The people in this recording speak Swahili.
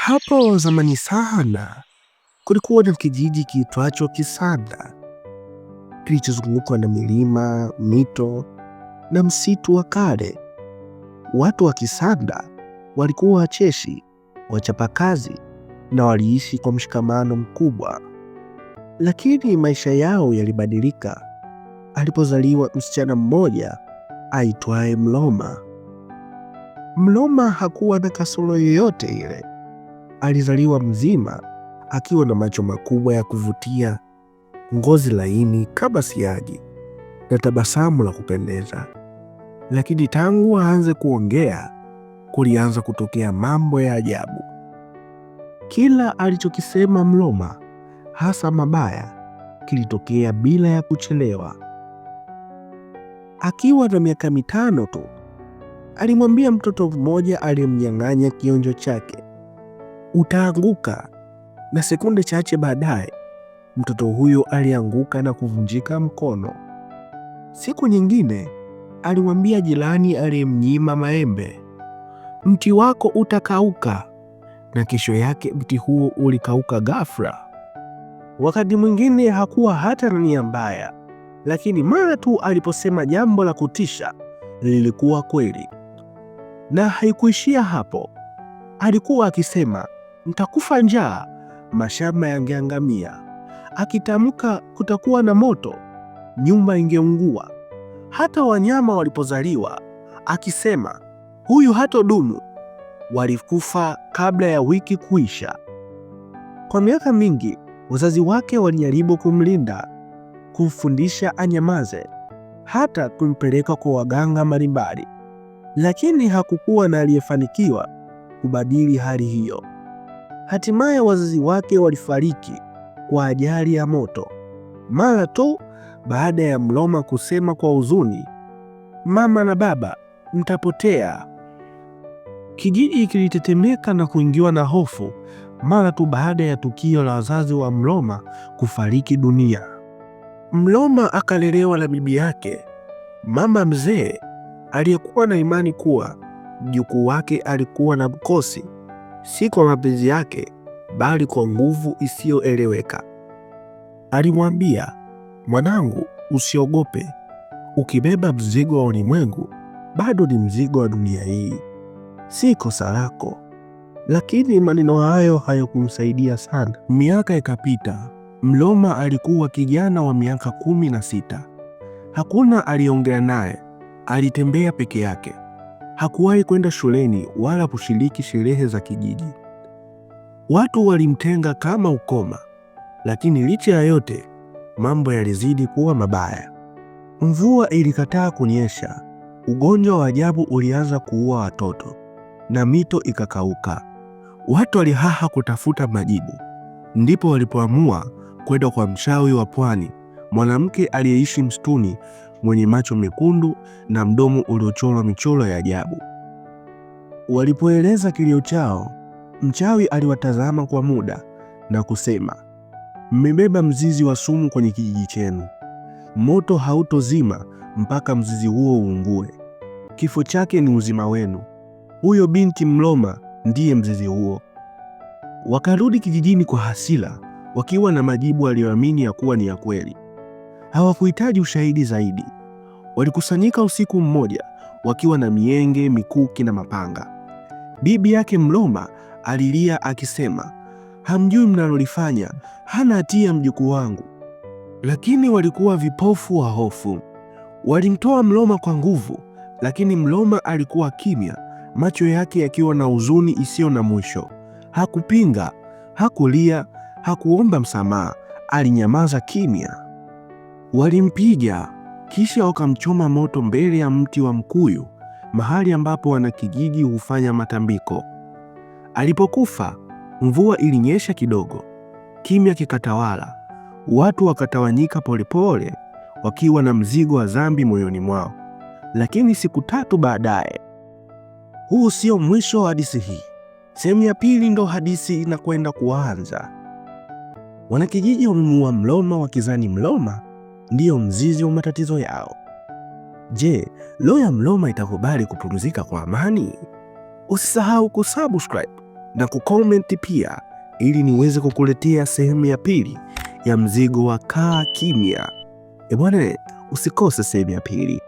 Hapo zamani sana kulikuwa na kijiji kiitwacho Kisada kilichozungukwa na milima, mito na msitu wa kale. Watu wa Kisada walikuwa wacheshi, wachapakazi na waliishi kwa mshikamano mkubwa. Lakini maisha yao yalibadilika alipozaliwa msichana mmoja aitwaye Mloma. Mloma hakuwa na kasoro yoyote ile Alizaliwa mzima akiwa na macho makubwa ya kuvutia, ngozi laini kama siagi na tabasamu la kupendeza. Lakini tangu aanze kuongea, kulianza kutokea mambo ya ajabu. Kila alichokisema Mloma, hasa mabaya, kilitokea bila ya kuchelewa. Akiwa na miaka mitano tu, alimwambia mtoto mmoja aliyemnyang'anya kionjo chake utaanguka. Na sekunde chache baadaye mtoto huyo alianguka na kuvunjika mkono. Siku nyingine alimwambia jirani aliyemnyima maembe, mti wako utakauka. Na kesho yake mti huo ulikauka ghafla. Wakati mwingine hakuwa hata na nia mbaya, lakini mara tu aliposema jambo la kutisha lilikuwa kweli. Na haikuishia hapo, alikuwa akisema mtakufa njaa, mashamba yangeangamia. Akitamka kutakuwa na moto, nyumba ingeungua. Hata wanyama walipozaliwa, akisema huyu hatodumu, walikufa kabla ya wiki kuisha. Kwa miaka mingi, wazazi wake walijaribu kumlinda, kumfundisha anyamaze, hata kumpeleka kwa waganga mbalimbali, lakini hakukuwa na aliyefanikiwa kubadili hali hiyo. Hatimaye wazazi wake walifariki kwa ajali ya moto mara tu baada ya Mloma kusema kwa huzuni, mama na baba mtapotea. Kijiji kilitetemeka na kuingiwa na hofu mara tu baada ya tukio la wazazi wa Mloma kufariki dunia. Mloma akalelewa na bibi yake, mama mzee aliyekuwa na imani kuwa mjukuu wake alikuwa na mkosi si kwa mapenzi yake, bali kwa nguvu isiyoeleweka. Alimwambia, mwanangu, usiogope. Ukibeba mzigo wa ulimwengu, bado ni mzigo wa dunia hii, si kosa lako. Lakini maneno hayo hayakumsaidia sana. Miaka ikapita. Mloma alikuwa kijana wa miaka kumi na sita. Hakuna aliongea naye, alitembea peke yake. Hakuwahi kwenda shuleni wala kushiriki sherehe za kijiji. Watu walimtenga kama ukoma, lakini licha ya yote mambo yalizidi kuwa mabaya. Mvua ilikataa kunyesha, ugonjwa wa ajabu ulianza kuua watoto na mito ikakauka. Watu walihaha kutafuta majibu, ndipo walipoamua kwenda kwa mchawi wa pwani, mwanamke aliyeishi msituni mwenye macho mekundu na mdomo uliochorwa michoro ya ajabu. Walipoeleza kilio chao, mchawi aliwatazama kwa muda na kusema, mmebeba mzizi wa sumu kwenye kijiji chenu. Moto hautozima mpaka mzizi huo uungue. Kifo chake ni uzima wenu. Huyo binti Mloma ndiye mzizi huo. Wakarudi kijijini kwa hasira, wakiwa na majibu aliyoamini ya kuwa ni ya kweli hawakuhitaji ushahidi zaidi. Walikusanyika usiku mmoja wakiwa na mienge, mikuki na mapanga. Bibi yake Mloma alilia akisema, hamjui mnalolifanya, hana hatia mjukuu wangu. Lakini walikuwa vipofu wa hofu. Walimtoa Mloma kwa nguvu, lakini Mloma alikuwa kimya, macho yake yakiwa na huzuni isiyo na mwisho. Hakupinga, hakulia, hakuomba msamaha, alinyamaza kimya. Walimpiga kisha wakamchoma moto mbele ya mti wa mkuyu, mahali ambapo wanakijiji hufanya matambiko. Alipokufa, mvua ilinyesha kidogo, kimya kikatawala. Watu wakatawanyika polepole, wakiwa na mzigo wa dhambi moyoni mwao. Lakini siku tatu baadaye, huu sio mwisho wa hadithi hii. Sehemu ya pili ndo hadithi inakwenda kuanza. Wanakijiji wamemuua Mloma wakizani Mloma ndiyo mzizi wa matatizo yao. Je, loya ya itakubali kupumzika kwa amani? Usisahau kusubscribe na kucomment pia, ili niweze kukuletea sehemu ya pili ya mzigo wa Kaa Kimya. Ebwana, usikose sehemu ya pili.